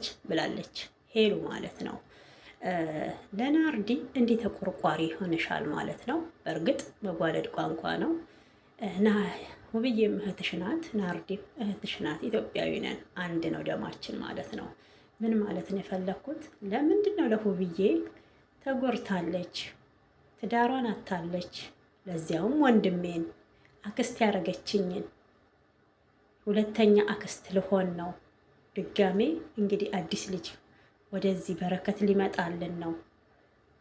ች ብላለች ሄሉ ማለት ነው። ለናርዲ እንዲህ ተቆርቋሪ ሆነሻል ማለት ነው። በእርግጥ መጓለድ ቋንቋ ነው እና ውብዬም እህትሽ ናት፣ ናርዲም እህትሽ ናት። ኢትዮጵያዊ ነን፣ አንድ ነው ደማችን ማለት ነው። ምን ማለት ነው የፈለግኩት ለምንድን ነው ለሁብዬ ተጎርታለች፣ ትዳሯን አታለች፣ ለዚያውም ወንድሜን አክስት ያደረገችኝን ሁለተኛ አክስት ልሆን ነው ድጋሜ እንግዲህ አዲስ ልጅ ወደዚህ በረከት ሊመጣልን ነው።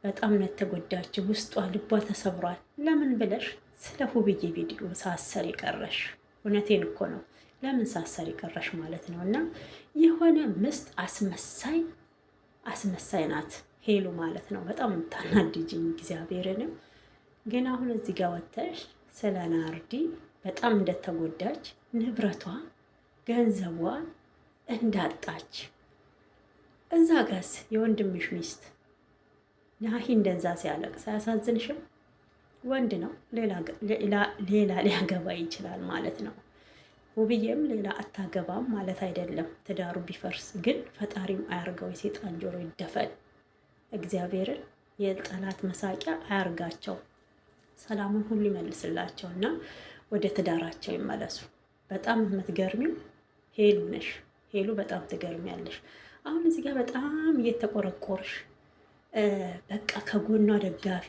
በጣም ነው የተጎዳችው። ውስጧ ልቧ ተሰብሯል። ለምን ብለሽ ስለ ሁብዬ ቪዲዮ ሳሰር ይቀረሽ? እውነቴን እኮ ነው። ለምን ሳሰር ይቀረሽ ማለት ነው። እና የሆነ ምስጥ አስመሳይ አስመሳይ ናት ሄሉ ማለት ነው። በጣም የምታናድጅኝ እግዚአብሔርንም ግን አሁን እዚህ ጋር ወጥተሽ ስለ ናርዲ በጣም እንደተጎዳች ንብረቷ ገንዘቧ እንዳጣች እዛ ጋስ የወንድምሽ ሚስት ናሂ እንደዛ ሲያለቅስ አያሳዝንሽም? ወንድ ነው፣ ሌላ ሊያገባ ይችላል ማለት ነው። ውብዬም ሌላ አታገባም ማለት አይደለም። ትዳሩ ቢፈርስ ግን ፈጣሪም አያርገው፣ የሴጣን ጆሮ ይደፈን። እግዚአብሔርን የጠላት መሳቂያ አያርጋቸው፣ ሰላሙን ሁሉ ይመልስላቸው እና ወደ ትዳራቸው ይመለሱ። በጣም የምትገርሚው ሄሉ ነሽ። ሄሉ በጣም ትገርሚያለሽ። አሁን እዚህ ጋር በጣም እየተቆረቆርሽ በቃ ከጎኗ ደጋፊ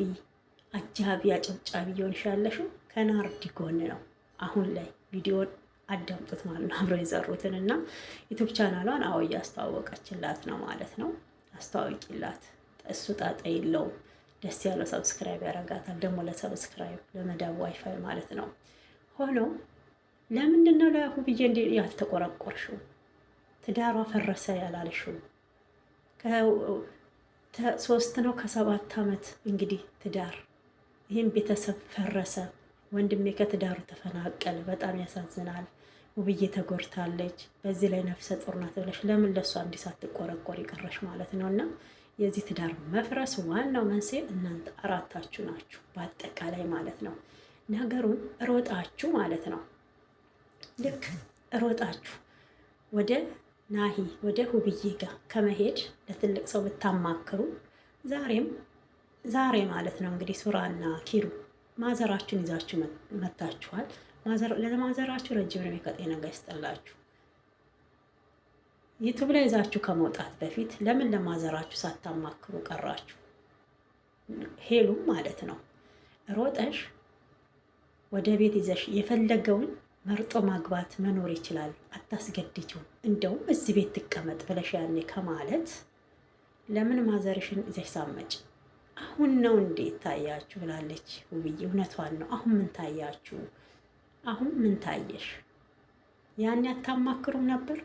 አጃቢ አጨብጫቢ እየሆንሽ ያለሽው ከናርዲ ጎን ነው። አሁን ላይ ቪዲዮን አዳምጡት ማለት ነው አብረው የዘሩትን እና ዩቱብ ቻናሏን አዎ እያስተዋወቀችላት ነው ማለት ነው። አስተዋወቂላት፣ እሱ ጣጣ የለውም። ደስ ያለው ሰብስክራይብ ያደርጋታል። ደግሞ ለሰብስክራይብ ለመዳብ ዋይፋይ ማለት ነው። ሆኖ ለምንድን ነው ብዬ እንዲ ያልተቆረቆርሽው? ትዳሯ ፈረሰ ያላለሽው ሶስት ነው ከሰባት ዓመት እንግዲህ ትዳር ይህም ቤተሰብ ፈረሰ። ወንድሜ ከትዳሩ ተፈናቀለ። በጣም ያሳዝናል። ውብዬ ተጎድታለች። በዚህ ላይ ነፍሰ ጡር ናት ብለሽ ለምን ለእሷ እንዲህ ሳትቆረቆር ይቀረሽ ማለት ነው። እና የዚህ ትዳር መፍረስ ዋናው መንስኤ እናንተ አራታችሁ ናችሁ በአጠቃላይ ማለት ነው። ነገሩን ሮጣችሁ ማለት ነው። ልክ ሮጣችሁ ወደ ናሂ ወደ ሁብዬ ጋር ከመሄድ ለትልቅ ሰው ብታማክሩ ዛሬም ዛሬ ማለት ነው እንግዲህ ሱራና ኪሩ ማዘራችሁን ይዛችሁ መታችኋል። ለማዘራችሁ ረጅም ዕድሜ ከጤና ጋር ይስጠላችሁ። ዩቱብ ላይ ይዛችሁ ከመውጣት በፊት ለምን ለማዘራችሁ ሳታማክሩ ቀራችሁ? ሄሉም ማለት ነው ሮጠሽ ወደ ቤት ይዘሽ የፈለገውን መርጦ ማግባት መኖር ይችላል። አታስገድጂው። እንደውም እዚህ ቤት ትቀመጥ ብለሽ ያኔ ከማለት ለምን ማዘርሽን ይዘሽ ሳመጭ አሁን ነው እንዴ ታያችሁ? ብላለች ውብዬ። እውነቷን ነው። አሁን ምን ታያችሁ? አሁን ምን ታየሽ? ያኔ አታማክሩም ነበር?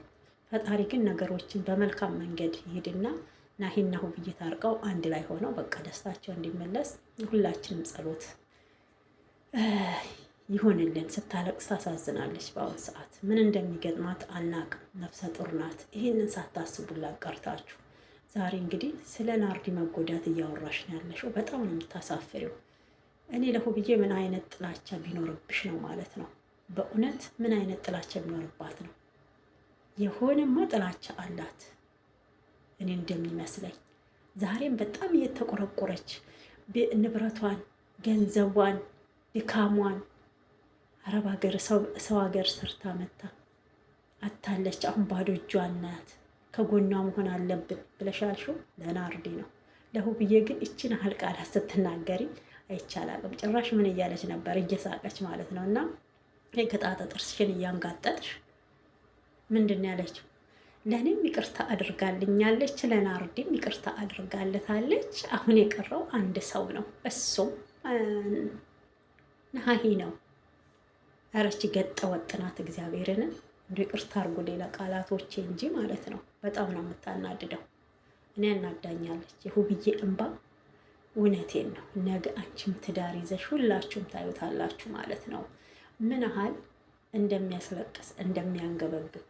ፈጣሪ ግን ነገሮችን በመልካም መንገድ ይሄድና ናሂና ውብዬ ታርቀው አንድ ላይ ሆነው በቃ ደስታቸው እንዲመለስ ሁላችንም ጸሎት ይሆንልን ስታለቅስ ታሳዝናለች። በአሁን ሰዓት ምን እንደሚገጥማት አናቅም። ነፍሰ ጡር ናት። ይህንን ሳታስቡላት ቀርታችሁ ዛሬ እንግዲህ ስለ ናርዲ መጎዳት እያወራሽ ነው ያለሽው። በጣም ነው የምታሳፍሪው። እኔ ለሁብዬ ምን አይነት ጥላቻ ቢኖርብሽ ነው ማለት ነው? በእውነት ምን አይነት ጥላቻ ቢኖርባት ነው? የሆነማ ጥላቻ አላት። እኔ እንደሚመስለኝ ዛሬም በጣም እየተቆረቆረች ንብረቷን፣ ገንዘቧን፣ ድካሟን አረብ ሀገር ሰው ሀገር ሰርታ መታ አታለች። አሁን ባዶ እጇን ናት። ከጎኗ መሆን አለብን ብለሻልሹ ለናርዲ ነው። ለሁብዬ ግን እችን ያህል ቃላት ስትናገሪ አይቻላቅም። ጭራሽ ምን እያለች ነበር? እየሳቀች ማለት ነው። እና የገጣጠ ጥርስሽን እያንጋጠጥሽ ምንድን ያለችው? ለእኔም ይቅርታ አድርጋልኛለች፣ ለናርዲም ይቅርታ አድርጋለታለች። አሁን የቀረው አንድ ሰው ነው፣ እሱም ነሀሂ ነው። ረች ገጠ ወጥናት እግዚአብሔርን እንደ ቅርታ አርጉ ሌላ ቃላቶቼ እንጂ ማለት ነው። በጣም ነው የምታናድደው። እኔ ያናዳኛለች የሁብዬ እንባ። እውነቴን ነው። ነገ አንቺም ትዳር ይዘሽ ሁላችሁም ታዩታላችሁ ማለት ነው። ምን ያህል እንደሚያስለቅስ እንደሚያንገበግብ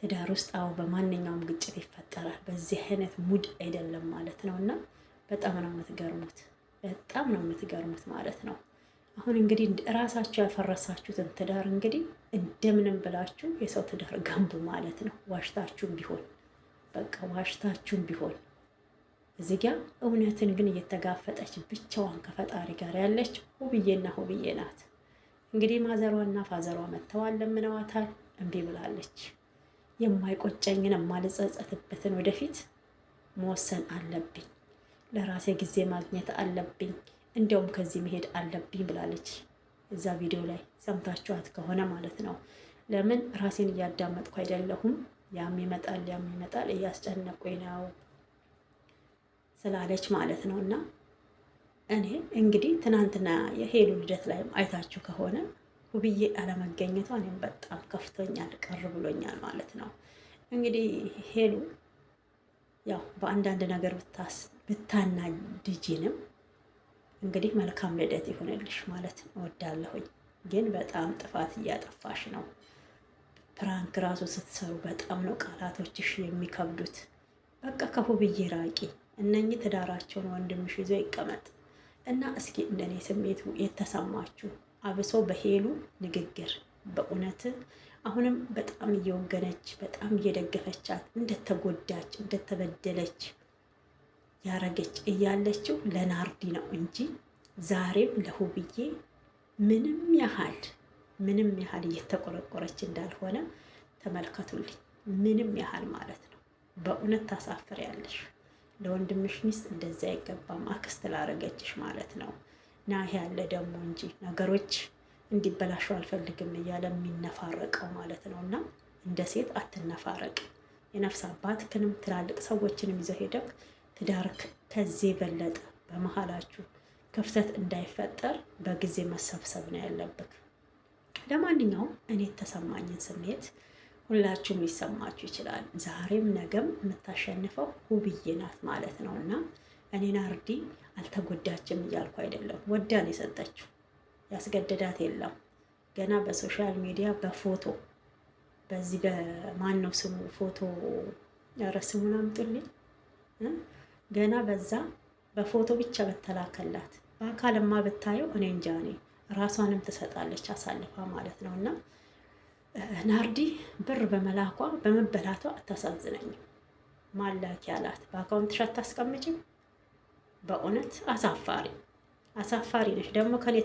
ትዳር ውስጥ አው በማንኛውም ግጭት ይፈጠራል። በዚህ አይነት ሙድ አይደለም ማለት ነው። እና በጣም ነው የምትገርሙት፣ በጣም ነው የምትገርሙት ማለት ነው። አሁን እንግዲህ ራሳችሁ ያፈረሳችሁትን ትዳር እንግዲህ እንደምንም ብላችሁ የሰው ትዳር ገንቡ ማለት ነው። ዋሽታችሁም ቢሆን በቃ ዋሽታችሁም ቢሆን እዚህ ጋ እውነትን ግን እየተጋፈጠች ብቻዋን ከፈጣሪ ጋር ያለች ሁብዬና ሁብዬ ናት። እንግዲህ ማዘሯና ፋዘሯ መጥተዋል፣ ለምነዋታል፣ እምቢ ብላለች። የማይቆጨኝን የማልጸጸትበትን ወደፊት መወሰን አለብኝ፣ ለራሴ ጊዜ ማግኘት አለብኝ እንዲያውም ከዚህ መሄድ አለብኝ ብላለች። እዛ ቪዲዮ ላይ ሰምታችኋት ከሆነ ማለት ነው። ለምን ራሴን እያዳመጥኩ አይደለሁም፣ ያም ይመጣል፣ ያም ይመጣል፣ እያስጨነቁኝ ነው ስላለች ማለት ነው። እና እኔ እንግዲህ ትናንትና የሄሉ ልደት ላይም አይታችሁ ከሆነ ውብዬ አለመገኘቷ እኔም በጣም ከፍቶኛል፣ ቅር ብሎኛል ማለት ነው። እንግዲህ ሄሉ ያው በአንዳንድ ነገር ብታናድጅንም እንግዲህ መልካም ልደት ይሁንልሽ ማለት እወዳለሁኝ። ግን በጣም ጥፋት እያጠፋሽ ነው። ፕራንክ ራሱ ስትሰሩ በጣም ነው ቃላቶችሽ የሚከብዱት። በቃ ከሁብዬ ራቂ። እነኚህ ትዳራቸውን ወንድምሽ ይዞ ይቀመጥ እና እስኪ እንደኔ ስሜቱ የተሰማችሁ አብሶ በሄሉ ንግግር በእውነት አሁንም በጣም እየወገነች በጣም እየደገፈቻት እንደተጎዳች እንደተበደለች ያረገች እያለችው ለናርዲ ነው እንጂ ዛሬም ለሁብዬ ምንም ያህል ምንም ያህል እየተቆረቆረች እንዳልሆነ ተመልከቱልኝ። ምንም ያህል ማለት ነው። በእውነት ታሳፍር ያለሽ ለወንድምሽ ሚስት እንደዚያ አይገባም። አክስት ላረገችሽ ማለት ነው። ና ያለ ደግሞ እንጂ ነገሮች እንዲበላሹ አልፈልግም እያለ የሚነፋረቀው ማለት ነው። እና እንደ ሴት አትነፋረቅ። የነፍስ ክንም ትላልቅ ሰዎችንም ይዘው ሄደው ትዳርክ ከዚህ የበለጠ በመሀላችሁ ክፍተት እንዳይፈጠር በጊዜ መሰብሰብ ነው ያለብክ። ለማንኛውም እኔ የተሰማኝን ስሜት ሁላችሁም ሊሰማችሁ ይችላል። ዛሬም ነገም የምታሸንፈው ውብዬ ናት ማለት ነው እና እኔን አርዲ አልተጎዳችም እያልኩ አይደለም። ወዳን የሰጠችው ያስገደዳት የለም። ገና በሶሻል ሚዲያ በፎቶ በዚህ በማን ነው ስሙ ፎቶ ረስሙን አምጡልኝ ገና በዛ በፎቶ ብቻ በተላከላት በአካልማ ብታየው እኔ እንጃ እኔ ራሷንም ትሰጣለች አሳልፋ ማለት ነው። እና ናርዲ ብር በመላኳ በመበላቷ አታሳዝነኝም። ማላኪ ያላት በአካውንትሽ አታስቀምጪም። በእውነት አሳፋሪ አሳፋሪ ነች ደግሞ ከኔ